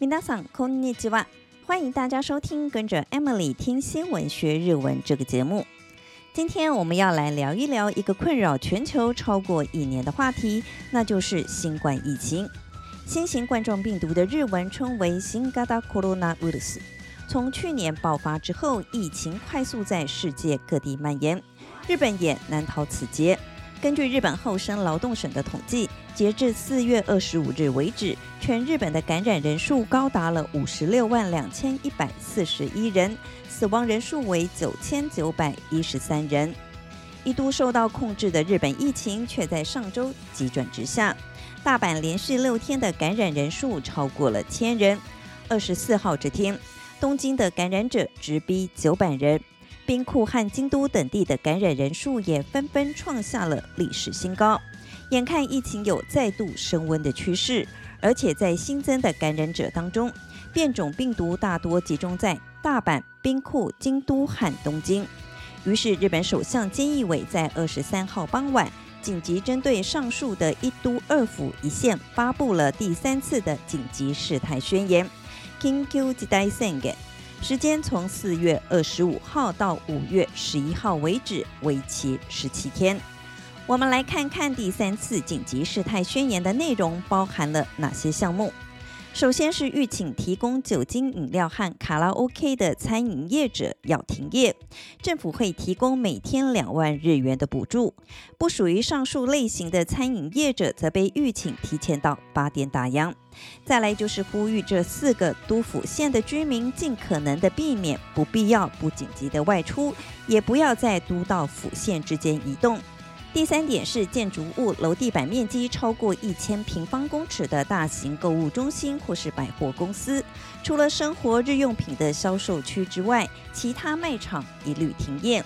皆さんこんにちは。歡迎大家收聽跟着 Emily 聽新聞學日文這個節目。今天我們要來聊一聊一個困擾全球超過一年的話題，那就是新冠疫情。新型冠狀病毒的日文稱為新型コロナウイルス。從去年爆發之後，疫情快速在世界各地蔓延，日本也難逃此劫。根據日本厚生勞動省的統計。截至四月二十五日為止，全日本的感染人數高達了五十六萬兩千一百四十一人，死亡人數為九千九百一十三人。一度受到控制的日本疫情卻在上週急轉直下，大阪連續六天的感染人數超過了千人。二十四號這天，東京的感染者直逼九百人，兵庫和京都等地的感染人數也紛紛創下了歷史新高。眼看疫情有再度升溫的趨勢，而且在新增的感染者當中，變種病毒大多集中在大阪、兵庫、京都、和東京。於是，日本首相菅義偉在二十三號傍晚緊急針對上述的一都二府一縣發布了第三次的緊急事態宣言。緊急事態宣言，時間從四月二十五號到五月十一號為止，為期十七天。我們來看看第三次緊急事態宣言的內容包含了哪些項目。首先是預請提供酒精飲料和卡拉 OK 的餐飲業者要停業，政府會提供每天兩萬日元的補助。不屬於上述類型的餐飲業者則被預請提前到八點打烊。再來就是呼籲這四個都府縣的居民盡可能的避免不必要、不緊急的外出，也不要在都道府縣之間移動。第三點是建築物樓地板面積超過一千平方公尺的大型購物中心或是百貨公司，除了生活日用品的銷售區之外，其他賣場一律停業。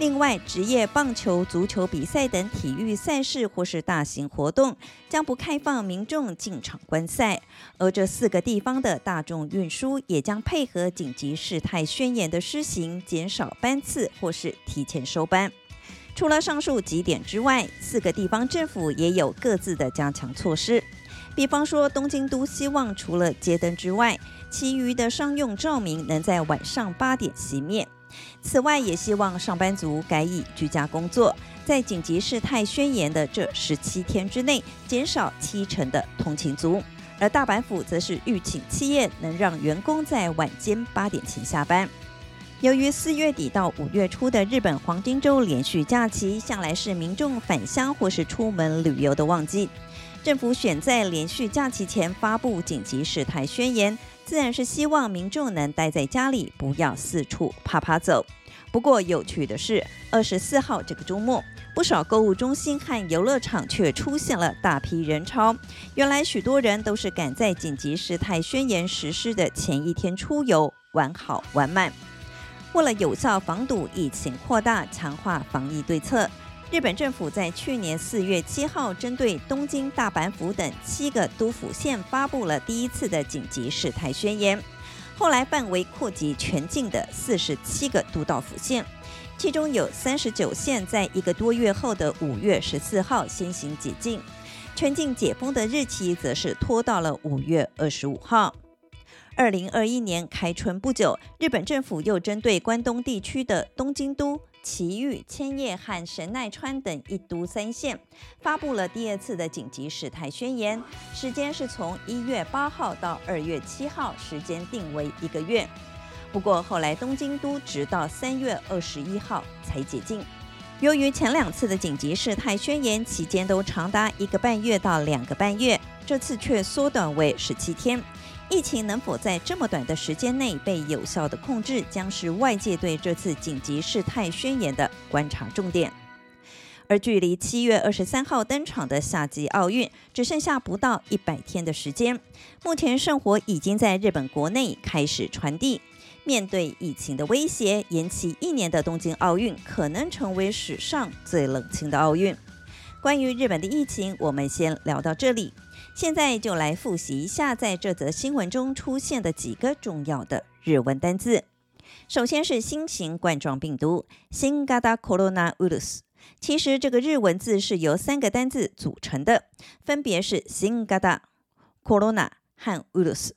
另外，職業棒球、足球比賽等體育賽事或是大型活動將不開放民眾進場觀賽。而這四個地方的大眾運輸也將配合緊急事態宣言的施行，減少班次或是提前收班。除了上述幾點之外，四個地方政府也有各自的加強措施。比方說，東京都希望除了街燈之外，其餘的商用照明能在晚上八點熄滅。此外，也希望上班族改以居家工作，在緊急事態宣言的這十七天之內，減少七成的通勤族。而大阪府則是籲請企業能讓員工在晚間八點前下班。由於四月底到五月初的日本黃金周連續假期，向來是民眾返鄉或是出門旅遊的旺季。政府選在連續假期前發布緊急事態宣言，自然是希望民眾能待在家裡，不要四處趴趴走。不過有趣的是，二十四號這個周末，不少購物中心和遊樂場卻出現了大批人潮。原來許多人都是趕在緊急事態宣言實施的前一天出遊，玩好玩滿。為了有效防堵疫情擴大，強化防疫對策，日本政府在去年四月七號針對東京、大阪府等七個都府縣發布了第一次的緊急事態宣言，後來範圍擴及全境的四十七個都道府縣，其中有三十九縣在一個多月後的五月十四號先行解禁，全境解封的日期則是拖到了五月二十五號。二零二一年開春不久，日本政府又針對關東地區的東京都、埼玉、千葉和神奈川等一都三縣，發佈了第二次的緊急事態宣言，時間是從一月八號到二月七號，時間定為一個月。不過後來東京都直到三月二十一號才解禁。由於前兩次的緊急事態宣言期間都長達一個半月到兩個半月，這次卻縮短為十七天。疫情能否在這麼短的時間內被有效的控制，將是外界對這次緊急事態宣言的觀察重點。而距離七月二十三號登場的夏季奧運只剩下不到一百天的時間，目前聖火已經在日本國內開始傳遞。面對疫情的威脅，延期一年的東京奧運可能成為史上最冷清的奧運。關於日本的疫情，我們先聊到這裡。現在就來復習一下，在這則新聞中出現的幾個重要的日文單詞。首先是新型冠狀病毒，新ガダコロナウイルス。其實這個日文字是由三個單字組成的，分別是新ガダ，コロナ和ウイルス。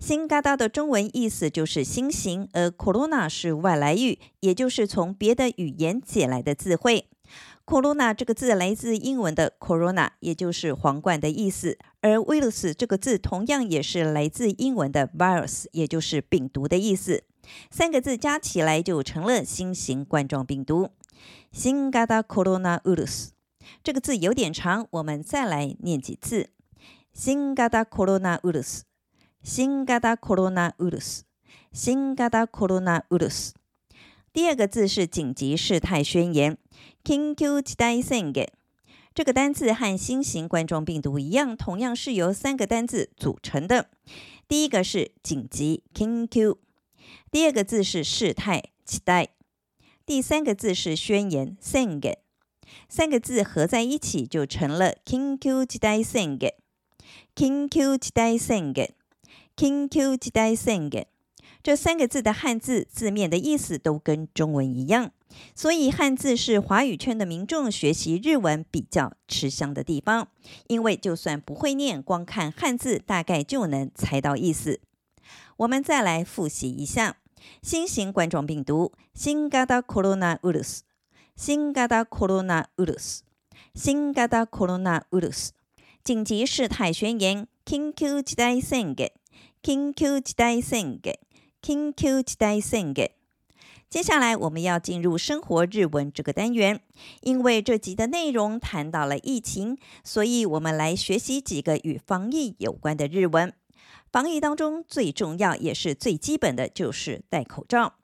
新嘎達的中文意思就是新型，而 Corona 是外來語，也就是從別的語言借來的字彙。Corona 這個字來自英文的 corona，也就是皇冠的意思；而 virus 這個字同樣也是來自英文的 virus，也就是病毒的意思。三個字加起來就成了新型冠狀病毒：新噶達 Corona virus。這個字有點長，我們再來念幾次：新噶達 Corona virus，新噶達 Corona virus，新噶達 Corona virus。第二個字是緊急事態宣言，King Q T Day Seng。這個單詞和新型冠狀病毒一樣，同樣是由三個單詞組成的。第一個是緊急，King Q；第二個字是事態期待，第三個字是宣言，Seng。三個字合在一起就成了 King Q T Day Seng。King Q T Day Seng。King Q T Day Seng。這三個字的漢字字面的意思都跟中文一樣，所以漢字是華語圈的民眾學習日文比較吃香的地方。因為就算不會念，光看漢字大概就能猜到意思。我們再來復習一下：新型冠狀病毒（新型コロナウイルス），新型コロナウイルス，新型コロナウイルス；緊急事態宣言（緊急事態宣言），緊急事態宣言。King Q today sing。接下來我們要進入生活日文這個單元，因為這集的內容談到了疫情，所以我們來學習幾個與防疫有關的日文。防疫當中最重要也是最基本的就是戴口罩，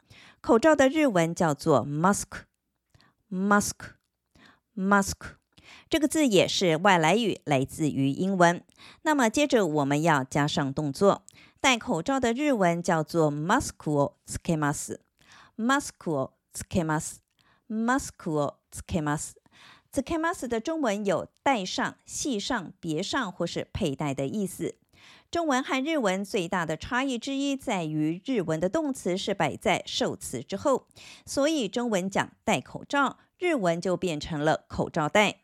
口罩的日文叫做 mask，mask，mask。這個字也是外來語，來自於英文。那麼接着我們要加上動作，戴口罩的日文叫做「マスクをつけます。マスクをつけます。マスクをつけます。つけます」的中文有戴上、繫上、別上或是佩戴的意思。中文和日文最大的差異之一在於日文的動詞是擺在受詞之後，所以中文講戴口罩，日文就變成了口罩戴。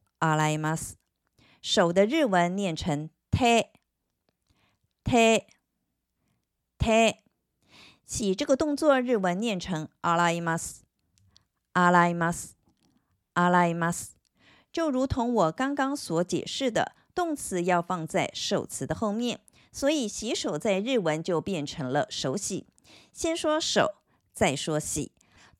阿拉伊馬斯，手的日文念成 te te te，洗這個動作日文念成阿拉伊馬斯，阿拉伊馬斯，阿拉伊馬斯，就如同我剛剛所解釋的，動詞要放在首詞的後面，所以洗手在日文就變成了手洗，先說手，再說洗。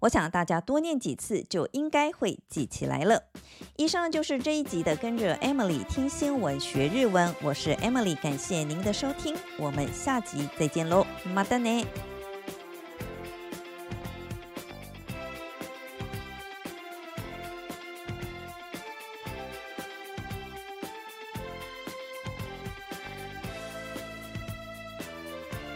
我想大家多念幾次就應該會記起來了。以上就是這一集的跟着 Emily 聽新聞學日文，我是 Emily，感謝您的收聽，我們下集再見嘍，またね。